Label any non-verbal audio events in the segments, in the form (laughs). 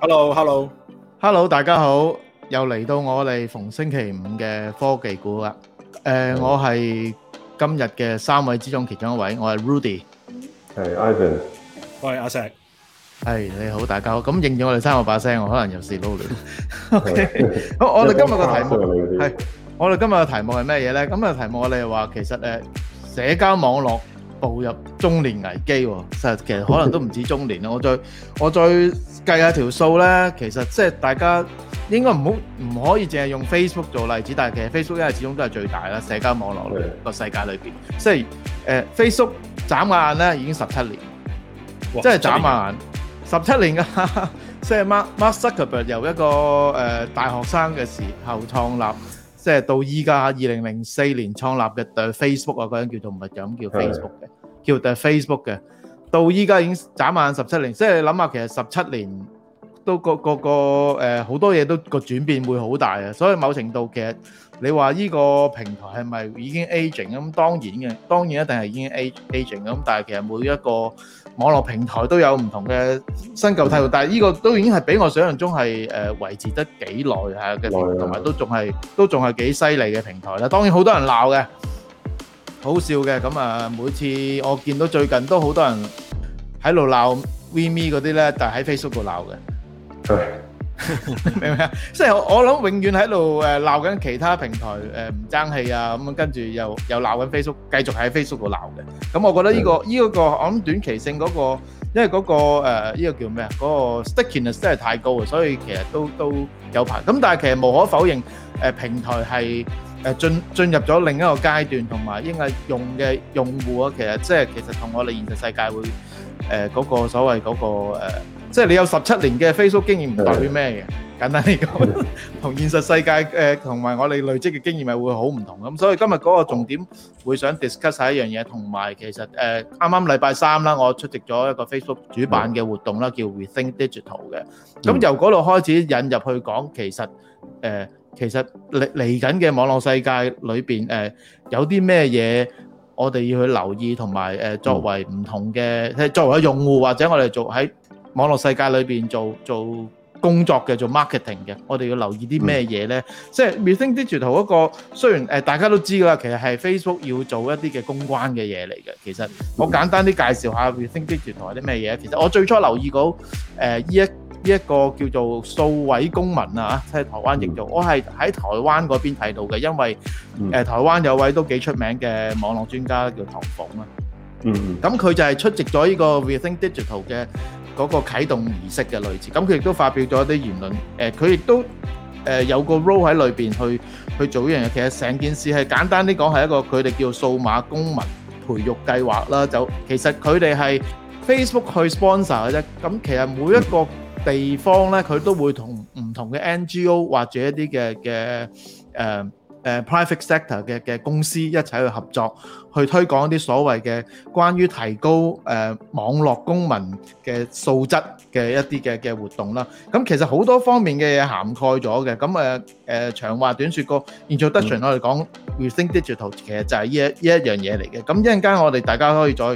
Hello，Hello，Hello，Hello，大家好，又嚟到我哋逢星期五嘅科技估啦。誒，我係今日嘅三位之中其中一位，我係 Rudy，係 Ivan，我係阿石，係你好，大家好。咁應咗我哋三個把聲，我可能有時撈亂。OK，好，我哋今日嘅題目係，我哋今日嘅題目係咩嘢咧？今日嘅題目我哋話，其實誒，社交網絡。步入中年危機喎，實其實可能都唔止中年啦。 (laughs) 我再我再計下條數咧，其實即係大家應該唔好唔可以淨係用 Facebook 做例子，但係其實 Facebook 因為始終都係最大啦，社交網絡、個世界裏邊，即係誒 Facebook 眨眼咧已經十七年，即係哇眨眼十七年㗎，即 (laughs) 係 Mark Zuckerberg 由一個誒、呃、大學生嘅時候創立。即係到依家，二零零四年創立嘅 Facebook 啊，嗰陣叫做唔係咁叫 Facebook 嘅，是的 叫 Facebook 嘅，叫 Facebook 嘅。到依家已經眨眼十七年，即係你諗下其實十七年都個個個誒呃、好多嘢都個轉變會好大啊，所以某程度其實。你話呢個平台係咪已經 aging 咁？當然嘅，當然一定係已經 aging 咁。但係其實每一個網絡平台都有唔同嘅新舊替換，但係呢個都已經係畀我想象中係誒維持得幾耐嚇嘅，同埋都仲係都仲係幾犀利嘅平台啦。當然好多人鬧嘅，好笑嘅。咁啊，每次我見到最近都好多人喺度鬧 VMe 嗰啲咧，就喺 Facebook 度鬧嘅。明唔明啊？即係我諗永遠喺度誒鬧緊其他平台誒唔爭氣啊，咁啊跟住又又鬧緊 Facebook，繼續喺 Facebook 度鬧嘅。咁我覺得呢個呢一個我諗短期性嗰個，因為嗰個誒呢個叫咩啊？嗰個 stickiness 真係太高啊，所以其實都都有排。咁但係其實無可否認，誒平台係誒進進入咗另一個階段，同埋應該用嘅用戶啊，其實即係其實同我哋現實世界會誒嗰個所謂嗰個誒。即係你有十七年嘅 Facebook 經驗唔代表咩嘅？簡單啲講，同現實世界誒同埋我哋累積嘅經驗係會好唔同咯。咁所以今日嗰個重點會想 discuss 下一樣嘢，同埋其實誒啱啱禮拜三啦，我出席咗一個 Facebook 主辦嘅活動啦，叫 We Think Digital 嘅。咁由嗰度開始引入去講，其實誒其實嚟嚟緊嘅網絡世界裏邊誒有啲咩嘢，我哋要去留意同埋誒作為唔同嘅作為嘅用戶或者我哋做喺。網絡世界裏邊做做工作嘅，做 marketing 嘅，我哋要留意啲咩嘢咧？即係 We Think Digital 嗰個，雖然誒大家都知噶啦，其實係 Facebook 要做一啲嘅公關嘅嘢嚟嘅。其實我簡單啲介紹下 We Think Digital 係啲咩嘢。其實我最初留意到誒呢一呢一個叫做數位公民啊，即係台灣譯做，我係喺台灣嗰邊睇到嘅，因為誒台灣有位都幾出名嘅網絡專家叫唐鳳啊。嗯，咁佢就係出席咗呢個 We Think Digital 嘅。嗰個啟動儀式嘅類似，咁佢亦都發表咗一啲言論。誒，佢亦都誒有個 role 喺裏邊去去做一樣嘢。其實成件事係簡單啲講，係一個佢哋叫數碼公民培育計劃啦。就其實佢哋係 Facebook 去 sponsor 嘅啫。咁其實每一個地方咧，佢都會同唔同嘅 NGO 或者一啲嘅嘅誒。誒 private sector 嘅嘅公司一齊去合作，去推廣一啲所謂嘅關於提高誒網絡公民嘅素質嘅一啲嘅嘅活動啦。咁其實好多方面嘅嘢涵蓋咗嘅。咁誒誒長話短説，個 introduction，我哋講 We Think Digital 其實就係呢一呢一樣嘢嚟嘅。咁一陣間我哋大家可以再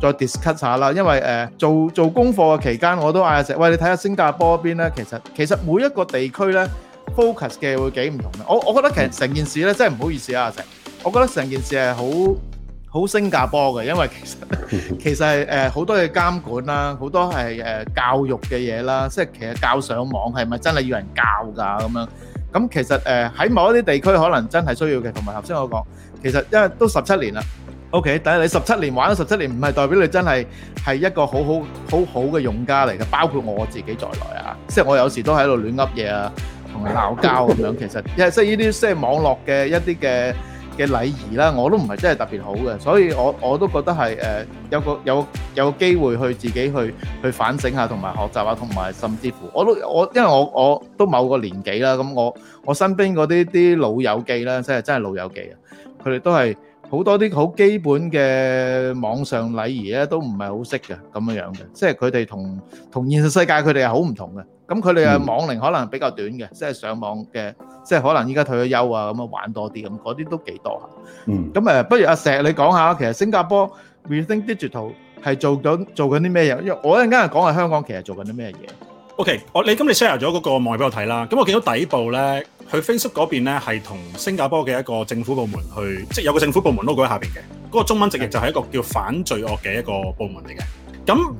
再 discuss 下啦。因為誒做做功課嘅期間，我都嗌阿石，喂，你睇下新加坡邊咧。其實其實每一個地區咧，focus 嘅會幾唔同嘅，我我覺得其實成件事咧真係唔好意思啊，阿成，我覺得成件事係好好新加坡嘅，因為其實其實係誒好多嘅監管啦，好多係誒、呃、教育嘅嘢啦，即係其實教上網係咪真係要人教㗎咁樣？咁、嗯、其實誒喺、呃、某一啲地區可能真係需要嘅，同埋頭先我講，其實因為都十七年啦，OK，但係你十七年玩咗十七年，唔係代表你真係係一個好好好好嘅用家嚟嘅，包括我自己在內啊，即係我有時都喺度亂噏嘢啊。同佢鬧交咁樣，其實，因為即係呢啲即係網絡嘅一啲嘅嘅禮儀啦，我都唔係真係特別好嘅，所以我我都覺得係誒有個有有個機會去自己去去反省下同埋學習下，同埋甚至乎我都我因為我我都某個年紀啦，咁我我身邊嗰啲啲老友記啦，真係真係老友記啊，佢哋都係。好多啲好基本嘅網上禮儀咧，都唔係好識嘅咁樣樣嘅，即係佢哋同同現實世界佢哋係好唔同嘅。咁佢哋嘅網齡可能比較短嘅，即係上網嘅，即係可能依家退咗休啊咁啊玩多啲咁，嗰啲都幾多嚇。嗯，咁誒，不如阿石你講下，其實新加坡 We Think Digital 係做緊做緊啲咩嘢？因為我一陣間係講下香港，其實做緊啲咩嘢？O.K. 我你咁你 share 咗嗰個網頁俾我睇啦，咁我見到底部咧，佢 Facebook 嗰邊咧係同新加坡嘅一個政府部門去，即係有個政府部門 logo 喺下面嘅，嗰個中文直譯就係一個叫反罪惡嘅一個部門嚟嘅。咁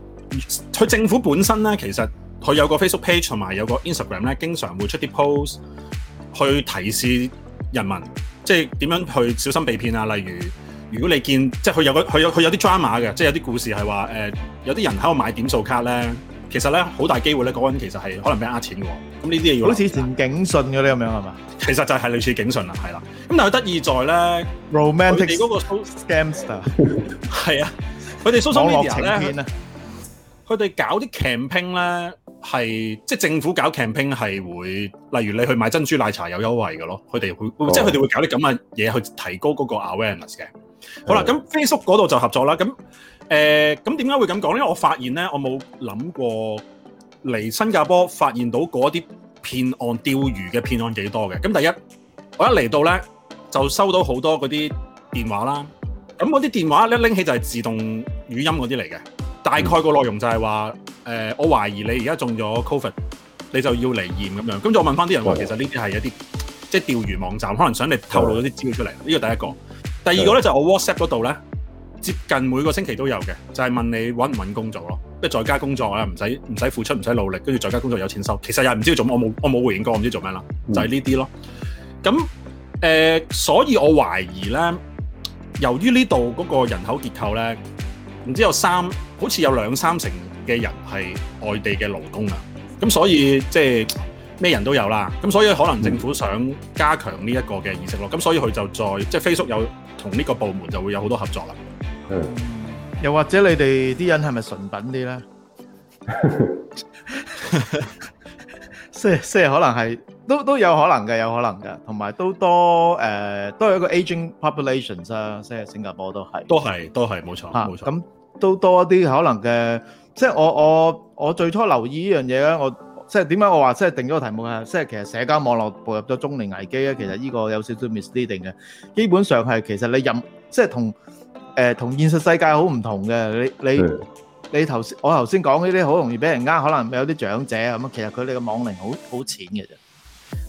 佢政府本身咧，其實佢有個 Facebook page 同埋有個 Instagram 咧，經常會出啲 post 去提示人民，即係點樣去小心被騙啊。例如，如果你見即係佢有個佢有佢有啲 drama 嘅，即係有啲故事係話，呃，有啲人喺度買點數卡咧。其實咧，好大機會咧，嗰、那個、人其實係可能俾呃錢嘅喎。咁呢啲嘢要好似前警訊嗰啲咁樣係嘛？其實就係類似警訊啦，係啦。咁但係得意在咧，Romantic，佢哋嗰、那個 Scamster 係、 (laughs) (laughs) so、啊，佢哋 Social Media 咧，佢哋搞啲 campaign 咧係即係政府搞 campaign 係會，例如你去買珍珠奶茶有優惠嘅咯，佢哋會、oh. 即係佢哋會搞啲咁嘅嘢去提高嗰個 awareness 嘅。好啦，咁、oh. Facebook 嗰度就合作啦，咁。誒咁點解會咁講咧？因為我發現咧，我冇諗過嚟新加坡，發現到嗰啲騙案釣魚嘅騙案幾多嘅。咁第一，我一嚟到咧就收到好多嗰啲電話啦。咁嗰啲電話咧，拎起就係自動語音嗰啲嚟嘅。大概個內容就係話誒，我懷疑你而家中咗 Covid，你就要嚟驗咁樣。咁就我問翻啲人話，其實呢啲係一啲喂即係釣魚網站，可能想你透露咗啲資料出嚟。呢個吧第一個。第二個咧吧就我 WhatsApp 嗰度咧。接近每個星期都有嘅，就係、是、問你揾唔揾工作咯，即係在家工作咧，唔使唔使付出，唔使努力，跟住在家工作有錢收，其實又唔知要做乜，我冇我冇回應過，唔知做咩啦，就係呢啲咯。咁誒、呃，所以我懷疑咧，由於呢度嗰個人口結構咧，唔知有三，好似有兩三成嘅人係外地嘅勞工啊。咁所以即係咩人都有啦。咁所以可能政府想加強呢一個嘅意識咯。咁所以佢就再即係、就是、Facebook 有同呢個部門就會有好多合作啦。嗯、又或者你哋啲人係咪純品啲咧？即係即係可能係，都都有可能嘅，有可能嘅，同埋都多誒、呃，都有一個 aging population 啊，即係新加坡都係，都係都係冇錯冇錯，咁、啊、冇錯都多一啲可能嘅，即係我我我最初留意呢樣嘢咧，我即係點解我話即係定咗個題目啊，即係其實社交網絡步入咗中年危機咧，其實呢個有少少 misleading 嘅，基本上係其實你任即係同。誒同、呃、現實世界好唔同嘅，你你你頭我頭先講呢啲好容易俾人呃，可能有啲長者咁其實佢哋嘅網齡好好淺嘅啫。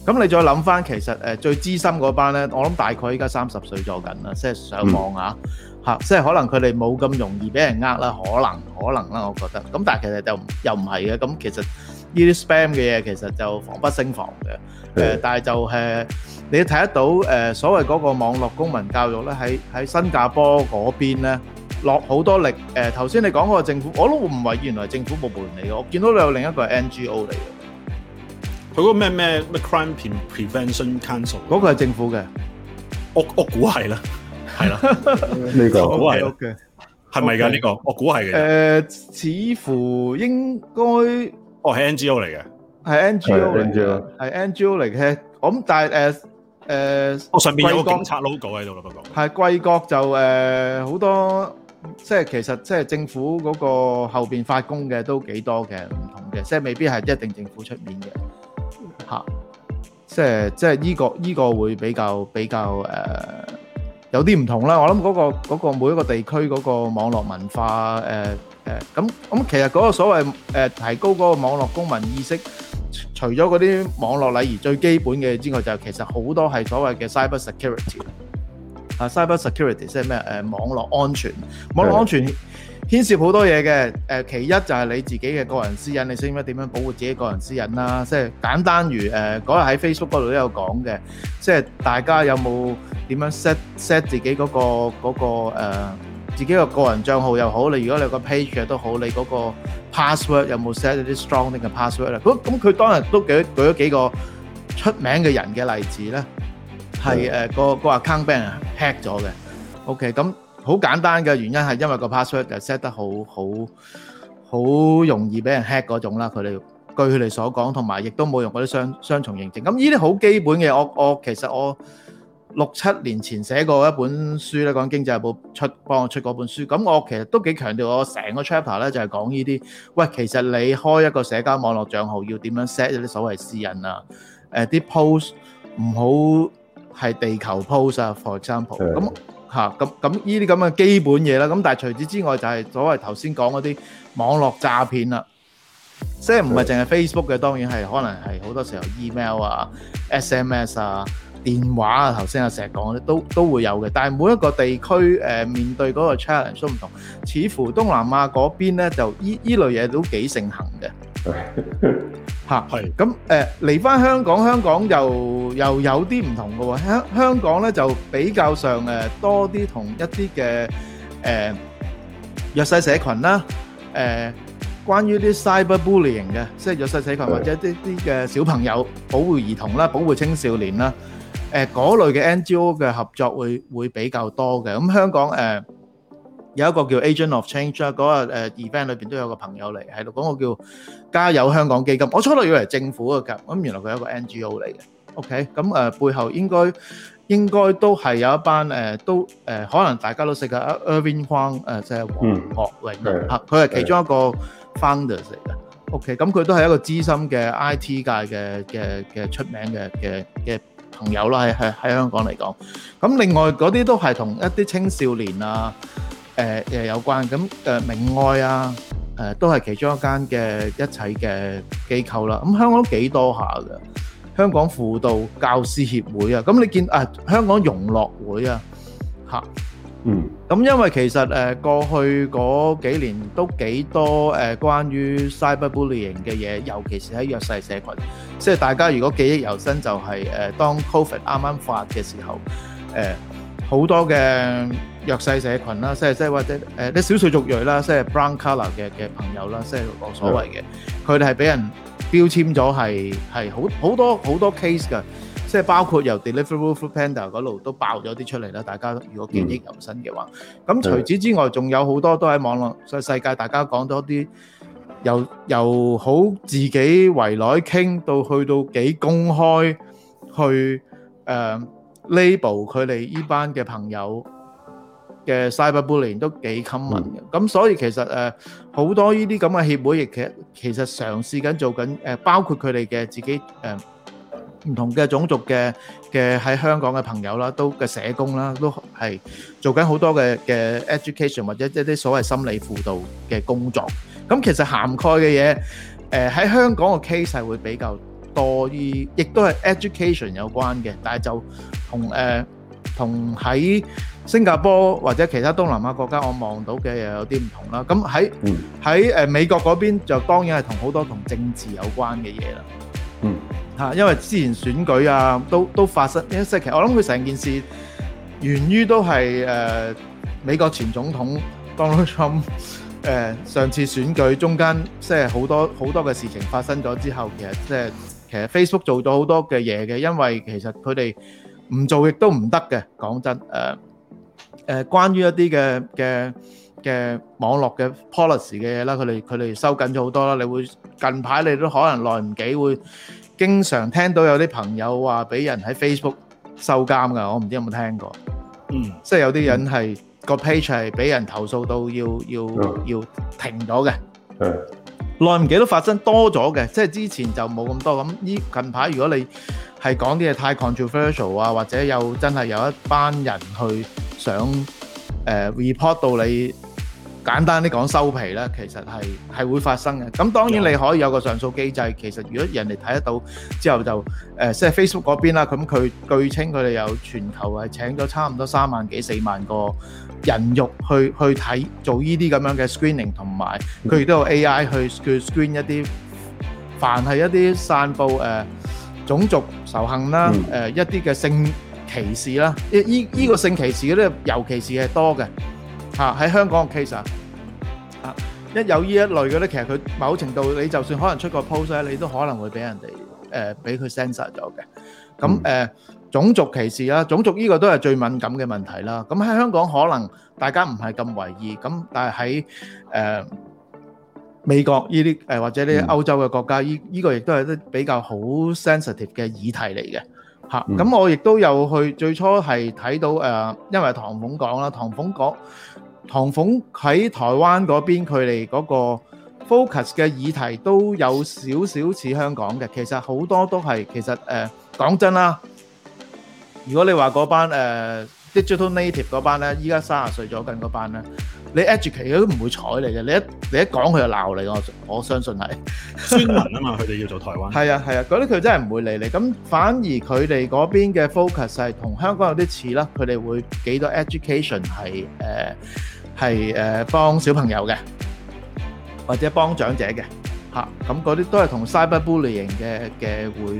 咁你再諗翻，其實最資深嗰班咧，我諗大概依家三十歲左右啦，即係上網啊嚇即係、就是、可能佢哋冇咁容易俾人呃啦，可能可能啦，我覺得。咁但係其實就又唔係嘅，咁其實呢啲 spam 嘅嘢其實就防不勝防嘅。誒、呃，但係就誒、是，你睇得到誒、呃、所謂嗰個網絡公民教育咧，喺喺新加坡嗰邊咧落好多力。誒、呃，頭先你講嗰個政府，我都唔係原來政府部門嚟嘅，我見到你有另一個 NGO 嚟嘅。佢嗰個咩咩 Crime Prevention Council？嗰個係政府嘅。我我估係啦，係啦 (laughs) 。呢個我估係嘅，係咪㗎？呢個我估係嘅。誒，似乎應該。哦，係 NGO 嚟嘅。係 NGO 嚟嘅，係 NGO 嚟嘅。咁但係誒誒，我上面有個警察 logo 喺度啦，不過。係貴國就誒好多，即係其實即係政府嗰個後面發工嘅都幾多嘅，唔同嘅，即係未必係一定政府出面嘅嚇。即係即係呢個呢個會比較比較誒有啲唔同啦。我諗嗰個嗰個每一個地區嗰個網絡文化誒誒，咁咁其實嗰個所謂誒提高嗰個網絡公民意識。除咗嗰啲網絡禮儀最基本嘅之外，就係其實好多係所謂嘅 cyber security 啊、uh,，cyber security 即係咩？誒、uh, 網絡安全，網絡安全牽涉好多嘢嘅。誒、uh, 其一就係你自己嘅個人私隱，你識唔識點樣保護自己個人私隱啦、啊？即、就、係、是、簡單如誒嗰、uh, 日喺 Facebook 嗰度都有講嘅，即、就、係、是、大家有冇點樣 set set 自己嗰、那個嗰、那個 uh, 自己個個人帳號又好，你如果你個 page 都好，你嗰個 password 有冇 set 啲 strong 啲嘅 password 咧？咁咁佢當日都舉舉咗幾個出名嘅人嘅例子咧，係誒個個 account 俾人 hack 咗嘅。OK，咁好簡單嘅原因係因為個 password 就 set 得好好好容易俾人 hack 嗰種啦。佢哋據佢哋所講，同埋亦都冇用嗰啲雙雙重認證。咁呢啲好基本嘅，我我其實我。六七年前寫過一本書咧，講《經濟日報》出幫我出過本書，咁我其實都幾強調，我成個 chapter 咧就係講呢啲，喂，其實你開一個社交網絡帳號要點樣 set 一啲所謂私隱啊，誒、呃、啲 post 唔好係地球 post 啊，for example，咁嚇咁咁依啲咁嘅基本嘢啦，咁但係除此之外就係所謂頭先講嗰啲網絡詐騙啦，即係唔是係淨係 Facebook 嘅，當然係可能係好多時候 email 啊、SMS 啊。電話啊，頭先啊，成日講咧，都都會有嘅。但係每一個地區誒面對嗰個 challenge 都唔同。似乎東南亞嗰邊咧，就依依類嘢都幾盛行嘅。嚇，係咁誒嚟返香港，香港又又有啲唔同嘅喎。香香港咧就比較上誒多啲同一啲嘅誒弱勢社群啦。誒，關於啲 cyberbullying 嘅，即係弱勢社群或者一啲啲嘅小朋友，保護兒童啦，保護青少年啦。誒嗰類嘅 NGO 嘅合作會會比較多嘅，咁香港誒有一個叫 Agent of Change 嗰個誒 event 裏邊都有個朋友嚟喺度講個叫加油香港基金，我初頭以為政府嘅基金，咁原來佢係一個 NGO 嚟嘅，OK，咁誒背後應該應該都係有一班誒都誒可能大家都識嘅 Erwin Huang 誒即係黃岳永嚇，佢係其中一個 founders 嚟嘅，OK，咁佢都係一個資深嘅 IT 界嘅嘅嘅出名嘅嘅嘅。朋友啦，係係喺香港嚟講，咁另外嗰啲都係同一啲青少年啊，誒、呃、誒有關，咁誒、呃、明愛啊，誒、呃、都係其中一間嘅一齊嘅機構啦。咁香港都幾多下㗎，香港輔導教師協會啊，咁你見啊、呃、香港融樂會啊，嚇。嗯，咁、嗯、因為其實誒、呃、過去嗰幾年都幾多誒、呃、關於 cyberbullying 嘅嘢，尤其是喺弱勢社群，即係大家如果記憶猶新，就係，就係誒當 Covid 啱啱發嘅時候，誒、呃、好多嘅弱勢社群啦，即係即係或者誒啲少數族裔啦，即係 brown color 嘅嘅朋友啦，即係冇所謂嘅，佢哋係俾人標籤咗係係好好多好多 case 嘅。即係包括由 Deliveroo、Foodpanda 嗰度都爆咗啲出嚟啦，大家如果記憶猶新嘅話，咁除此之外仲有好多都喺網絡世界，大家講多啲由由好自己圍內傾到去到幾公開去誒 label 佢哋依班嘅朋友嘅 cyber bullying 都幾 common 嘅，咁所以其實誒好多依啲咁嘅協會亦其實其實嘗試緊做緊誒，包括佢哋嘅自己誒。唔同嘅種族嘅嘅喺香港嘅朋友啦，都嘅社工啦，都係做緊好多嘅嘅 education 或者一啲所謂心理輔導嘅工作。咁其實涵蓋嘅嘢，誒喺香港嘅 case 係會比較多啲，亦都係 education 有關嘅。但係就同誒同喺新加坡或者其他東南亞國家，我望到嘅又有啲唔同啦。咁喺喺誒美國嗰邊就當然係同好多同政治有關嘅嘢啦。嗯。啊，因為之前選舉啊，都都發生一啲嘢。其實我諗佢成件事源於都係誒美國前總統 Donald Trump 誒上次選舉中間，即係好多好多嘅事情發生咗之後，其實即係其實 Facebook 做咗好多嘅嘢嘅，因為其實佢哋唔做亦都唔得嘅。講真誒誒，關於一啲嘅嘅嘅網絡嘅 policy 嘅嘢啦，佢哋佢哋收緊咗好多啦。你會近排你都可能耐唔幾會。經常聽到有啲朋友話俾人喺 Facebook 收監噶，我唔知有冇聽過。嗯，即係有啲人係、嗯、個 page 係俾人投訴到要要、嗯、要停咗嘅。誒、嗯，耐唔記得發生多咗嘅，即係之前就冇咁多。咁呢近排，如果你係講啲嘢太 controversial 啊，或者有真係有一班人去想、呃、report 到你。簡單啲講，收皮啦，其實係係會發生嘅。咁當然你可以有個上訴機制。其實如果人哋睇得到之後就誒、呃，即係 Facebook 嗰邊啦。咁佢據稱佢哋有全球係請咗差唔多三萬幾四萬個人肉去去睇做呢啲咁樣嘅 screening，同埋佢亦都有 AI 去去 screen 一啲凡係一啲散布誒、呃、種族仇恨啦、誒、呃、一啲嘅性歧視啦。呢呢呢個性歧視呢，尤其是係多嘅。嚇喺香港嘅 case 啊，一有依一類嘅咧，其實佢某程度你就算可能出個 post 咧，你都可能會俾人哋誒俾佢 censor 咗嘅。咁誒種族歧視啦，種族依個都係最敏感嘅問題啦。咁喺香港可能大家唔係咁為意，咁但係喺誒美國依啲誒或者依啲歐洲嘅國家，依依個亦都係一啲比較好 sensitive 嘅議題嚟嘅。嚇！咁、嗯啊、我亦都有去，最初係睇到、呃、因為唐鳳講啦，唐鳳講，唐鳳喺台灣嗰邊佢哋嗰個 focus 嘅議題都有少少似香港嘅，其實好多都係其實誒，講、呃、真啦，如果你話嗰班誒。呃啲 digital native 嗰班咧，依家三十歲左近嗰班咧，你 educate 佢都唔會睬你嘅，你一你一講佢就鬧你，我我相信係專門啊嘛，佢哋要做台灣。係啊係啊，嗰啲佢真係唔會理你。咁反而佢哋嗰邊嘅 focus 係同香港有啲似啦，佢哋會幾多 education 係誒係誒幫小朋友嘅，或者幫長者嘅，嚇咁嗰啲都係同 cyberbullying 嘅嘅會。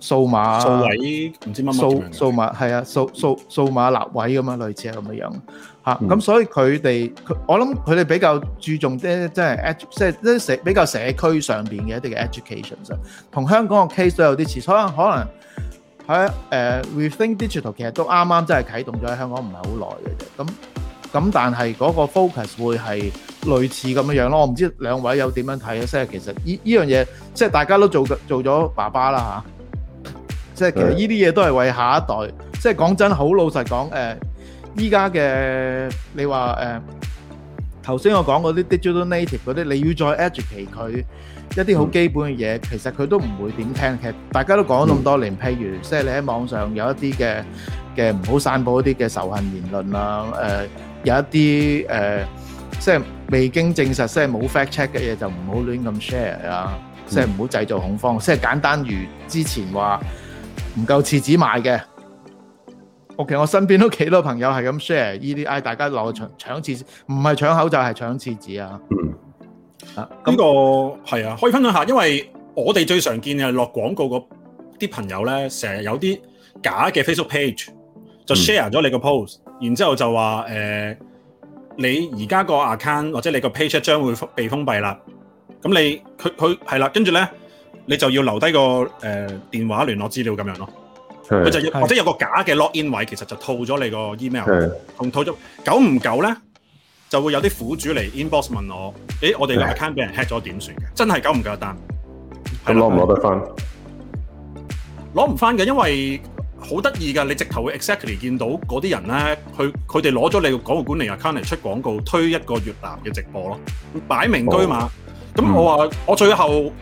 數碼立位唔知乜乜數數碼係啊，數數數碼立位咁啊，類似係咁嘅樣嚇。咁所以佢哋，我諗佢哋比較注重啲，即係即係啲社比較社區上邊嘅一啲嘅 education 上，同香港個 case 都有啲似。所以可能喺誒 We Think Digital 其實都啱啱真係啟動咗喺香港，唔係好耐嘅啫。咁咁，但係嗰個 focus 會係類似咁嘅樣咯。我唔知兩位有點樣睇咧，即係其實依依樣嘢，即係大家都做做咗爸爸啦嚇。即係其實呢啲嘢都係為下一代。的即係講真的，好老實講，誒、呃，依家嘅你話誒，頭、呃、先我講嗰啲 digital native 嗰啲，你要再 educate 佢一啲好基本嘅嘢，其實佢都唔會點聽。其實大家都講咗咁多年，譬、嗯、如，即係你喺網上有一啲嘅嘅唔好散播一啲嘅仇恨言論啊，誒、呃，有一啲誒、呃，即係未經證實，即係冇 fact check 嘅嘢就唔好亂咁 share 啊，即係唔好製造恐慌。即係簡單，如之前話。唔夠廁紙賣嘅，我、okay, 其實我身邊都幾多朋友係咁 share EDI，大家落搶搶廁紙，唔係搶口罩，係、就是、搶廁紙啊！嗯、啊，呢、這個係啊，可以分享一下，因為我哋最常見係落廣告嗰啲朋友咧，成日有啲假嘅 Facebook page 就 share 咗你個 post，、嗯、然之後就話、呃、你而家個 account 或者你個 page 將會被封閉啦，咁你佢佢係啦，跟住咧。你就要留低個誒、呃、電話聯絡資料咁樣咯，佢就要或者有個假嘅 login 位，其實就套咗你個 email 同是套咗。久唔久咧，就會有啲苦主嚟 inbox 問我：誒，我哋個 account 俾人 hack 咗點算嘅？真係久唔久一單？咁攞唔攞得翻？攞唔翻嘅，因為好得意㗎，你直頭會 exactly 見到嗰啲人咧，佢佢哋攞咗你個廣告管理 account 嚟出廣告推一個越南嘅直播咯，擺明堆馬。咁、哦、我話、嗯、我最後。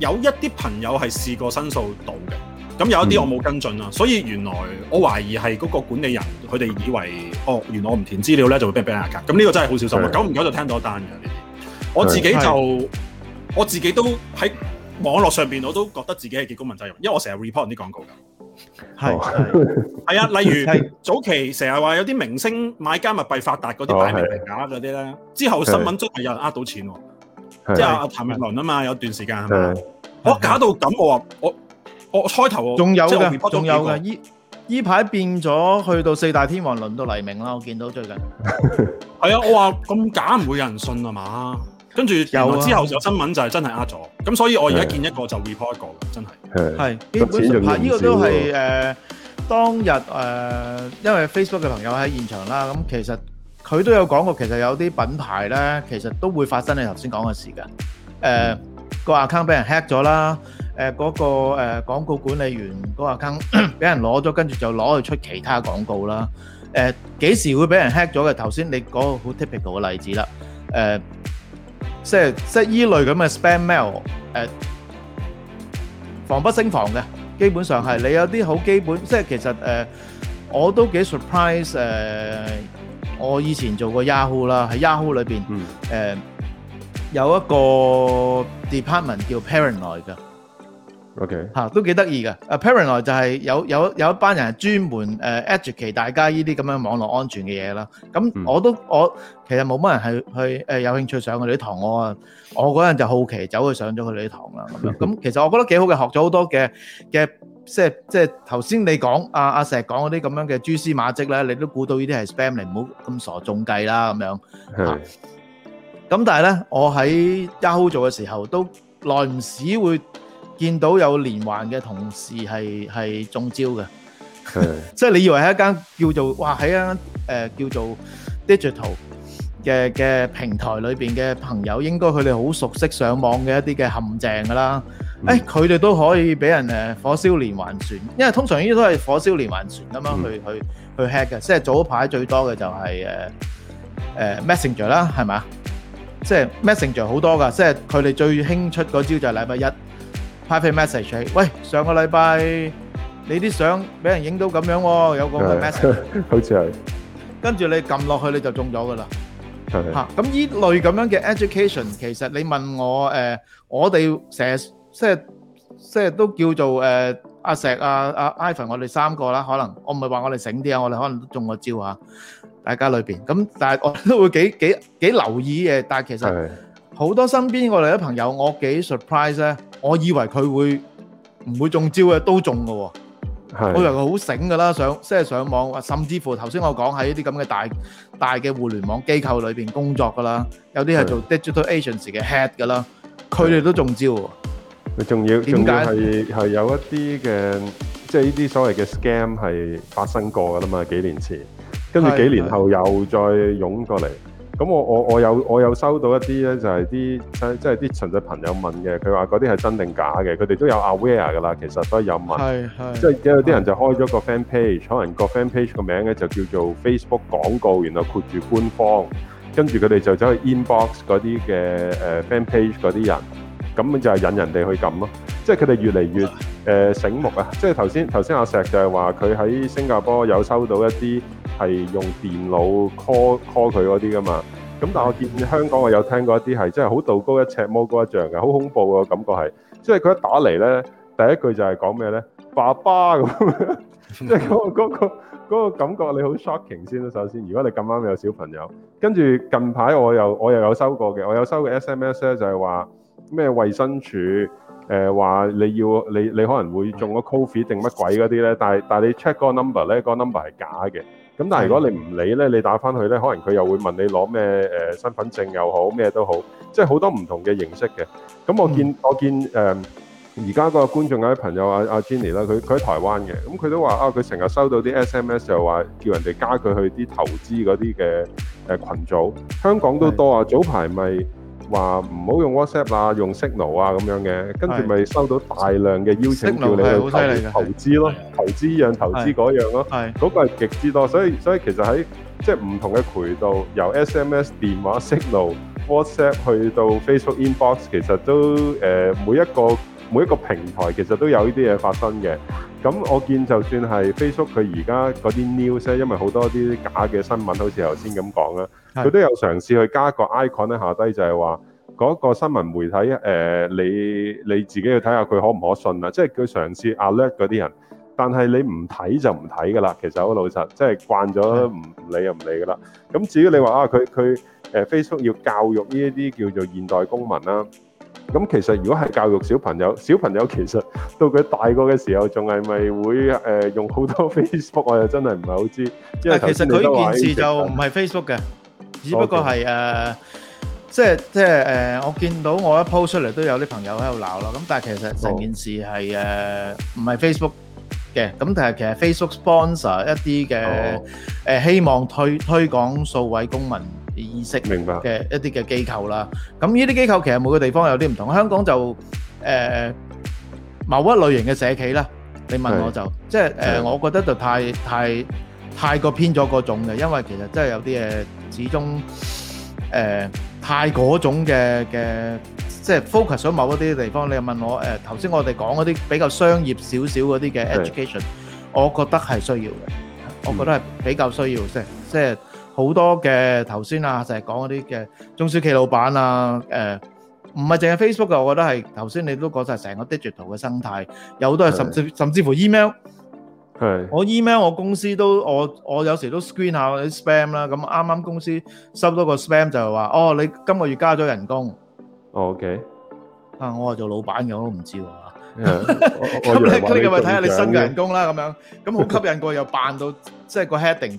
有一啲朋友係試過申訴到嘅，咁有一啲我冇跟進啦，嗯、所以原來我懷疑係嗰個管理人佢哋以為哦，原來我唔填資料咧就會俾人呃㗎，咁呢個真係好小心啊！的久唔久就聽到一單嘅呢啲，我自己就的我自己都喺網絡上邊，我都覺得自己係幾公民責任，因為我成日 report 啲廣告㗎，係係啊，例如早期成日話有啲明星買加密幣發達嗰啲擺明嗰啲咧，哦、之後新聞中係有人呃到錢喎。即係阿譚日倫啊嘛，有段時間係咪？我搞到咁，我話我我開頭仲有嘅，仲有嘅依依排變咗，去到四大天王輪到黎明啦，我見到最近係啊，我話咁假唔會有人信啊嘛？跟住有之後就新聞就係真係呃咗，咁所以我而家見一個就 report 一個，真係係基本上呢個都係誒當日誒，因為 Facebook 嘅朋友喺現場啦，咁其實。佢都有講過，其實有啲品牌咧，其實都會發生你頭先講嘅事㗎。誒個 account 俾人 hack 咗啦，誒嗰個誒廣告管理員個 account 俾人攞咗，跟住就攞去出其他廣告啦。誒幾時會俾人 hack 咗嘅？頭先你講個好 typical 嘅例子啦。誒即係即係依類咁嘅 spam mail，誒防不勝防嘅。基本上係你有啲好基本，即係其實誒我都幾 surprise 誒。我以前做過 Yahoo 啦、ah，喺 Yahoo 裏邊誒有一個 department 叫 paranoid 嘅，嚇 Okay. 都幾得意嘅。啊、uh, paranoid 就係有有有一班人係專門、uh, educate 大家呢啲咁樣網絡安全嘅嘢啦。咁我都、嗯、我其實冇乜人係去誒、呃、有興趣上佢哋啲堂，我啊我嗰陣就好奇走去上咗佢哋啲堂啦咁樣。咁 (laughs) 其實我覺得幾好嘅，學咗好多嘅嘅。的即係即係頭先你講阿阿石講嗰啲咁樣嘅蛛絲馬跡咧，你都估到呢啲係 spam 嚟，你唔好咁傻中計啦咁樣。係。咁但係咧，我喺 Yahoo 做嘅時候，都耐唔時會見到有連環嘅同事係係中招嘅。係。即係你以為係一間叫做哇，喺一間誒叫做 digital 嘅嘅平台裏邊嘅朋友，應該佢哋好熟悉上網嘅一啲嘅陷阱㗎喇。誒佢哋都可以俾人誒火燒連環船，因為通常呢啲都係火燒連環船咁樣去去去 hack 嘅，即係早一排最多嘅就係誒誒 Messenger 啦，係咪？即係 Messenger 好多㗎，即係佢哋最興出嗰招就係禮拜一 private message，喂，上個禮拜你啲相俾人影到咁樣喎，有個 message，好似係。跟住你撳落去你就中咗㗎啦，嚇！咁呢類咁樣嘅 education 其實你問我誒，我哋寫。即係即係都叫做誒阿石阿阿 Ivan，我哋三個啦，可能我唔係話我哋醒啲啊，我哋可能都中過招啊，大家裏邊咁，但係我都會幾幾幾留意嘅。但係其實好多身邊我哋啲朋友，我幾 surprise 咧，我以為佢會唔會中招嘅，都中㗎。我以為佢好醒㗎啦，上即係上網，甚至乎頭先我講喺啲咁嘅大大嘅互聯網機構裏邊工作嘅啦，有啲係做 Digital Agents 嘅 head 嘅啦，佢哋都中招。仲要仲要係係有一啲嘅，即係呢啲所謂嘅 scam 係發生過噶啦嘛，幾年前，跟住幾年後又再湧過嚟。咁是我我我有我有收到一啲咧，就係啲即係啲純粹朋友問嘅，佢話嗰啲係真定假嘅，佢哋都有 aware 噶啦，其實都有問，係係，即係有啲人就開咗個 fan page，可能個 fan page 個名咧就叫做 Facebook 廣告，然後括住官方，跟住佢哋就走去 inbox 嗰啲嘅誒 fan page 嗰啲人。咁就係引人哋去撳咯，即係佢哋越嚟越誒、呃、醒目啊！即係頭先頭先阿石就係話佢喺新加坡有收到一啲係用電腦 call call 佢嗰啲噶嘛。咁但係我見香港我有聽過一啲係真係好道高一尺魔高一丈嘅，好恐怖嘅感覺係，即係佢一打嚟咧，第一句就係講咩咧？爸爸咁、 (laughs) (laughs) 嗰個，即係嗰個感覺你好 shocking 先啦。首先，如果你咁啱有小朋友，跟住近排我又我又有收過嘅，我有收過 sms 咧就係話。咩衞生署誒話、呃、你要你你可能會中咗 Covid 定乜鬼嗰啲咧？但係但係你 check 個 number 咧，個 number 係假嘅。咁但係如果你唔理咧，你打翻去咧，可能佢又會問你攞咩身份證又好咩都好，即係好多唔同嘅形式嘅。咁我見、嗯、我見誒而家個觀眾有啲朋友啊，阿 Jenny 啦，佢佢喺台灣嘅，咁佢都話啊，佢成日收到啲 SMS 又話叫人哋加佢去啲投資嗰啲嘅羣組，香港都多啊。的早排咪。話唔好用 WhatsApp 啊，用 Signal 啊咁樣嘅，跟住咪收到大量嘅邀請的叫你去投資咯，的投資一樣的投資嗰樣的樣咯，嗰的個係極之多，所以所以其實喺即係唔同嘅渠道，由 SMS、電話、Signal、WhatsApp 去到 Facebook Inbox，其實都、呃、每一個每一個平台其實都有呢啲嘢發生嘅。咁我見就算係 Facebook 佢而家嗰啲 news，因為好多啲假嘅新聞，好似頭先咁講啦。佢是都有嘗試去加個 icon 咧，下低就係話嗰個新聞媒體誒、呃，你你自己去睇下佢可唔可信啦、啊。即係佢嘗試 alert 嗰啲人，但係你唔睇就唔睇噶啦。其實好老實，即係慣咗唔理又唔理噶啦。咁是至於你話啊，佢佢誒 Facebook 要教育呢一啲叫做現代公民啦、啊。咁其實如果係教育小朋友，小朋友其實到佢大個嘅時候還是是，仲係咪會誒用好多 Facebook，我又真係唔係好知。但係其實佢件事就唔係 Facebook 嘅。只不過係誒 Okay.、呃，即係即係誒、呃，我見到我一 post 出嚟，都有啲朋友喺度鬧啦。咁但係其實成件事係誒，唔係 Facebook 嘅，咁但係其實 Facebook sponsor 一啲嘅、oh. 呃、希望推推廣數位公民意識，明白嘅一啲嘅機構啦。咁呢啲機構其實每個地方有啲唔同，香港就誒、呃、某一類型嘅社企啦。你問我就，的即係誒、呃，我覺得就太太，太過偏咗嗰種嘅，因為其實真係有啲嘢始終、呃、太嗰種嘅嘅，即係 focus 咗某一啲地方。你又問我誒頭先我哋講嗰啲比較商業少少嗰啲嘅 education，< 是的 S 1> 我覺得係需要嘅，我覺得係比較需要、嗯、即係好多嘅頭先啊，成日講嗰啲嘅中小企老闆啊，誒、呃、唔係淨係 Facebook 嘅，我覺得係頭先你都講晒成個 digital 嘅生態，有好多甚至是的 甚至乎 email。我 email 我公司都我我有時都 screen 下我啲 spam 啦，咁啱啱公司收多個 spam 就係話，哦，你今個月加咗人工。O K 啊，我係做老闆嘅我都唔知喎嚇。咁叻咁叻嘅咪睇下你新嘅人工啦咁樣，咁好吸引過又扮到即係個 heading。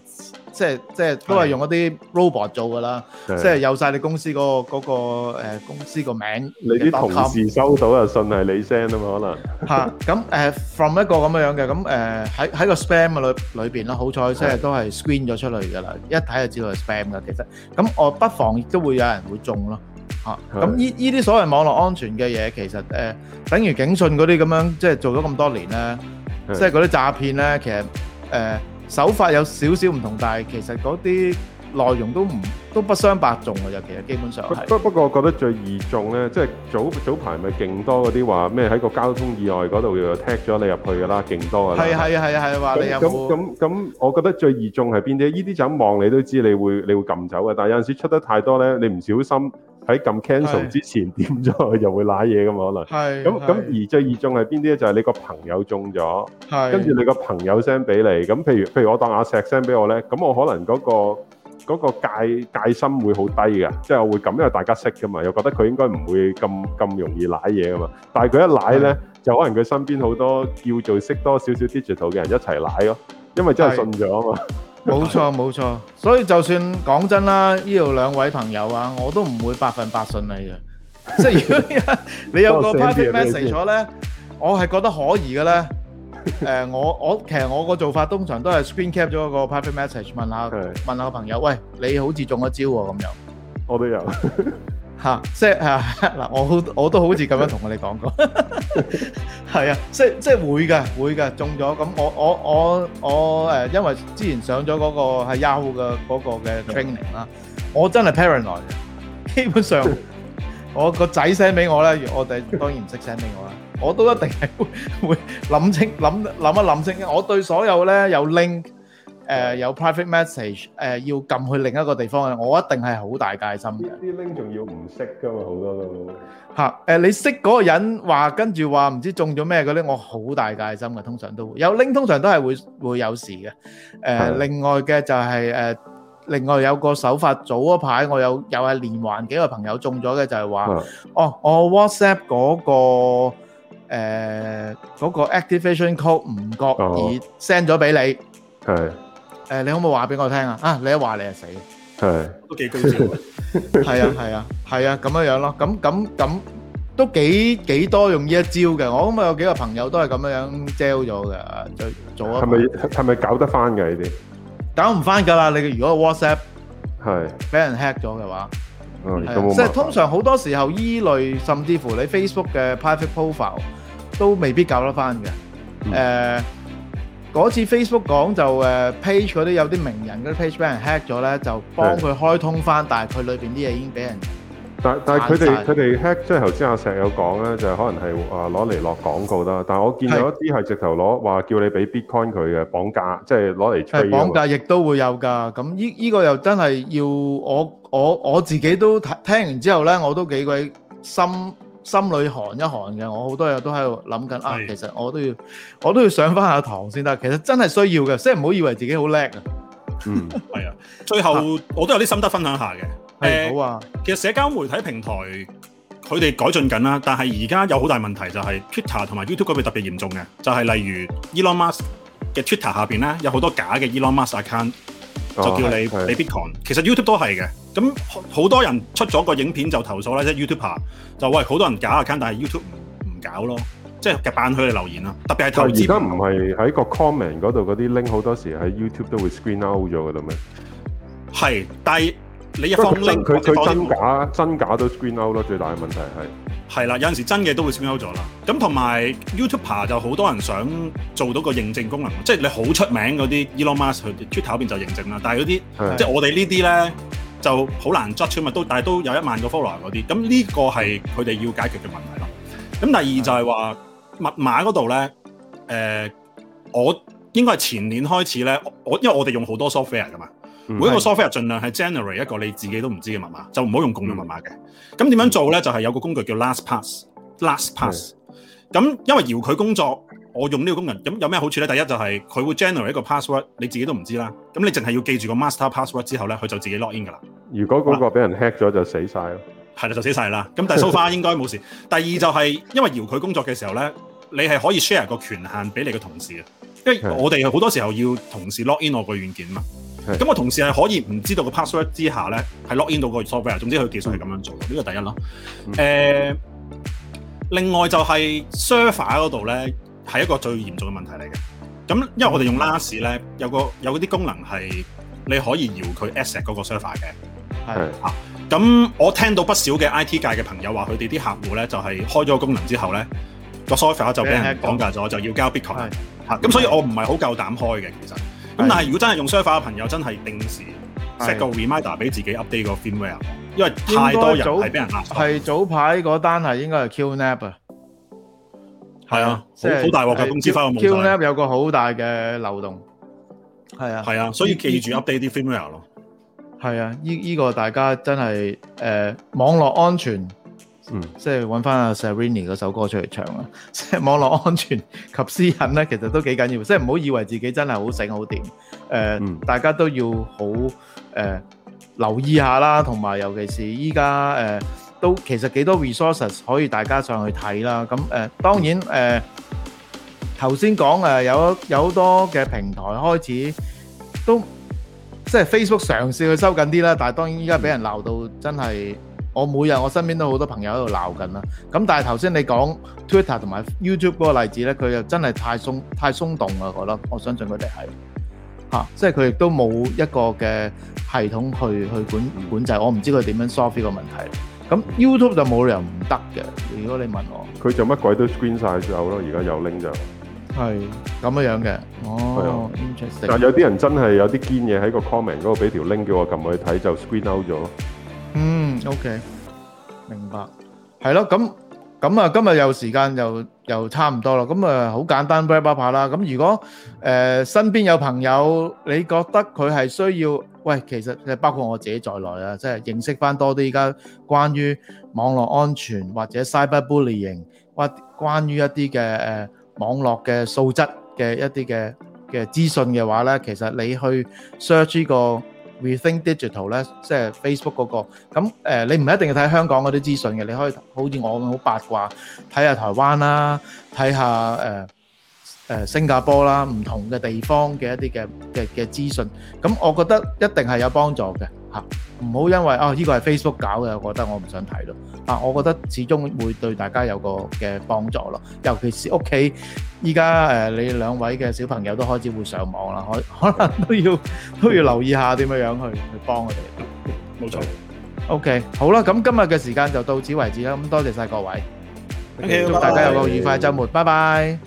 即係即係都係用一啲 robot 做㗎啦，即係有曬你公司嗰嗰個誒公司個名，你啲同事收到嘅信係你聲啊嘛，可能嚇咁誒 from 一個咁樣嘅咁誒喺喺個 spam 嘅裏裏邊咯，好彩即係都係 screen 咗出嚟㗎啦，一睇就知道係 spam 㗎，其實咁我不妨亦都會有人會中咯嚇，咁依依啲所謂網絡安全嘅嘢其實誒等於警訊嗰啲咁樣，即係做咗咁多年咧，即係嗰啲詐騙咧，其實誒。手法有少少唔同，但係其實嗰啲內容都唔都不相伯仲啊！就其實基本上不不不過，我覺得最易中咧，即係早早排咪勁多嗰啲話咩喺個交通意外嗰度又踢咗你入去噶啦，勁多啊！係係係係話你有冇咁咁咁？我覺得最易中係邊啲？呢啲就望你都知你會，你會你會撳走嘅。但係有陣時出得太多咧，你唔小心。喺撳 cancel 之前是點咗佢就會舐嘢㗎嘛，可能。係。咁咁而最易中係邊啲咧？就係、是、你個朋友中咗。係是。跟住你個朋友 send 俾你，咁譬如譬如我當阿石 send 俾我咧，咁我可能嗰個嗰個戒戒心會好低㗎，即係我會咁，因為大家識㗎嘛，又覺得佢應該唔會咁咁容易舐嘢㗎嘛。但係佢一舐咧，是就可能佢身邊好多叫做識多少少 digital 嘅人一齊舐咯，因為真係信咗啊是嘛。冇錯冇錯，所以就算講真啦，呢度兩位朋友啊，我都唔會百分百信你嘅，即係如果你有個 private message 咧，我係覺得可疑嘅咧，誒我我其實我個做法通常都係 screen cap 咗個 private message 問下問下個朋友，喂你好似中咗招喎咁樣，我都有。即係嗱，我好我都好似咁樣同我哋講過，係 (laughs) 啊，即係即係會嘅，會嘅中咗咁，我我我我、呃、因為之前上咗嗰個係 Yahoo 嘅嗰個嘅 training 啦，我真係 paranoid 嘅，基本上我個仔 send 俾我咧，我哋當然唔識 send 俾我啦，我都一定係會會諗清諗諗一諗清，我對所有咧有 link 誒有 private message，誒要撳去另一個地方嘅，我一定係好大戒心嘅。啲 link 仲要唔識㗎嘛，好多都嚇誒，你識嗰個人話，跟住話唔知中咗咩嗰啲，我好大戒心嘅。通常都會有 link，通常都係會會有事嘅。誒另外嘅就係誒另外有個手法，早一排我有又係連環幾個朋友中咗嘅，就係話哦，我 WhatsApp 嗰個誒嗰個 activation code 唔覺意 send 咗俾你係。誒，你可唔可以話俾我聽啊？啊，你一話你就死，係都幾高招啊！係啊，係啊，係啊，咁樣樣咯。咁咁咁都幾幾多用呢一招嘅？我諗有幾個朋友都係咁樣樣 deal 咗嘅，就做咗係咪係咪搞得翻嘅呢啲？搞唔翻㗎啦！你如果 WhatsApp 係俾人 hack 咗嘅話，嗯，即係通常好多時候依類，甚至乎你 Facebook 嘅 private profile 都未必搞得翻嘅。誒。嗰次 Facebook 講就誒、呃、page 嗰啲有啲名人嗰啲 page 俾人 hack 咗咧，就幫佢開通翻，但係佢裏面啲嘢已經俾人但但係佢哋佢哋 hack 即係頭先阿石有講咧，就係、可能係啊攞嚟落廣告啦。但我見到一啲係直頭攞話叫你俾 bitcoin 佢嘅，綁架即係攞嚟綁架，亦都會有㗎。咁呢依個又真係要我我我自己都聽，聽完之後咧，我都幾鬼心。心裏寒一寒嘅，我好多嘢都喺度諗緊啊。其實我都要，我都要上翻下堂先得。其實真係需要嘅，即係唔好以為自己好叻啊。嗯，係啊。最後我都有啲心得分享下嘅。係。欸，好啊。其實社交媒體平台佢哋改進緊啦，但係而家有好大問題就係 Twitter 同埋 YouTube 嗰邊特別嚴重嘅，就係例如 Elon Musk 嘅 Twitter 下邊咧有好多假嘅 Elon Musk account。哦、就叫你，你 bitcoin 其實 YouTube 都係嘅。咁好多人出咗個影片就投訴啦，即係 YouTuber 就，喂好多人搞 account，但係 YouTube 唔搞咯，即係夾 ban 佢哋留言啦。特別係投資。就而家唔係喺個 comment 嗰度嗰啲 link 好多時喺 YouTube 都會 screen out 咗嘅咩？係，但。你一方 link 佢，佢真假真假都 screen out 咯，最大嘅問題係係啦，有陣時真嘅都會 screen out 咗啦。咁同埋 YouTuber 就好多人想做到個認證功能，即係你好出名嗰啲 Elon Musk Twitter 嗰邊就認證啦。但係嗰啲即係我哋呢啲咧就好難質出，乜都但係都有一萬個 follower 嗰啲。咁呢個係佢哋要解決嘅問題咯。咁第二就係話密碼嗰度咧，誒我應該係前年開始咧，我因為我哋用好多 software 噶嘛。每一個 software 盡量係 generate 一個你自己都唔知嘅密碼，就唔好用共用密碼嘅。咁點、嗯、樣做咧？就係、是、有個工具叫 LastPass，LastPass LastPass。咁是因為搖佢工作，我用呢個功能。咁有咩好處咧？第一就係佢會 generate 一個 password，你自己都唔知啦。咁你淨係要記住個 master password 之後咧，佢就自己 log in 㗎啦。如果嗰個俾人 hack 咗，就死晒咯。係啦，就死晒啦。咁但係 so far 應該冇事。 (laughs) 第二就係因為搖佢工作嘅時候咧，你係可以 share 個權限俾你嘅同事啊，因為我哋好多時候要同事 log in 我個軟件啊嘛。咁是我同事係可以唔知道個 password 之下咧，係 login 到個 software。總之佢技術係咁樣做的，嘅。呢個第一咯。誒、嗯欸，另外就係 server 嗰度咧，係一個最嚴重嘅問題嚟嘅。咁因為我哋用 last 咧，有個有嗰啲功能係你可以搖佢 access 嗰個 server 嘅。係嚇。咁我聽到不少嘅 IT 界嘅朋友話，佢哋啲客戶咧就係開咗功能之後咧，個 server 就俾人綁架咗，是的 就要交 bitcoin。嚇是的、啊！咁所以我唔係好夠膽開嘅，其實。是但係如果真係用 Surface 嘅朋友，真係定時 set 個 reminder 俾自己 update 個 firmware，因為太多人係俾人壓。係早排嗰單係應該係 QNAP 啊，係是啊，好好大鑊嘅公司翻個網站 QNAP 有個好大嘅漏洞，係啊，係啊，所以記住 update 啲 firmware 咯。係啊，呢依個大家真係誒、呃、網絡安全。嗯，即係揾翻阿 Serrini 嗰首歌出嚟唱啊！即係網絡安全及私隱咧，其實都幾緊要，即係唔好以為自己真係好醒好掂。誒、呃，嗯、大家都要好誒、呃、留意一下啦，同埋尤其是依家誒都其實幾多 resources 可以大家上去睇啦。咁誒、呃，當然誒頭先講誒有有好多嘅平台開始都即係 Facebook 嘗試去收緊啲啦，但係當然依家俾人鬧到真係。我每日我身邊都好多朋友喺度鬧緊啦，咁但係頭先你講 Twitter 同埋 YouTube 嗰個例子咧，佢又真係太鬆太鬆動啊！我覺得我相信佢哋係嚇，即係佢亦都冇一個嘅系統去去管管制。我唔知佢點樣 solve 呢個問題。咁 YouTube 就冇理由唔得嘅，如果你問我，佢就乜鬼都 screen 曬之後咯，而家有 link 就係咁樣樣嘅。哦，interesting。但係有啲人真係有啲堅嘢喺個 comment 嗰度俾條 link 叫我撳去睇，就 screen out 咗咯。嗯，OK，明白，係咯，咁咁啊，今日有時間又又差唔多啦，咁啊，好簡單，break up 下啦。咁如果誒身邊有朋友你覺得佢係需要，喂，其實誒包括我自己在內啊，即係認識翻多啲依家關於網絡安全或者 Cyber Bullying，關關於一啲嘅誒網絡嘅素質嘅一啲嘅嘅資訊嘅話咧，其實你去 search 呢個。We Think Digital 咧，即係 Facebook 嗰個，咁、呃、你唔一定要睇香港嗰啲資訊嘅，你可以好似我咁好八卦，睇下台灣啦、啊，睇下誒。呃誒新加坡啦，唔同嘅地方嘅一啲嘅嘅嘅資訊，咁我覺得一定係有幫助嘅嚇，唔好因為啊依個係 Facebook 搞嘅，我覺得我唔想睇咯。嗱，我覺得始終會對大家有個嘅幫助咯，尤其是屋企依家誒你兩位嘅小朋友都開始會上網啦，可可能都要都要留意下點樣樣去去幫佢哋。冇錯。OK，好啦，咁今日嘅時間就到此為止啦。咁多謝曬各位，祝大家有個愉快嘅週末，拜拜。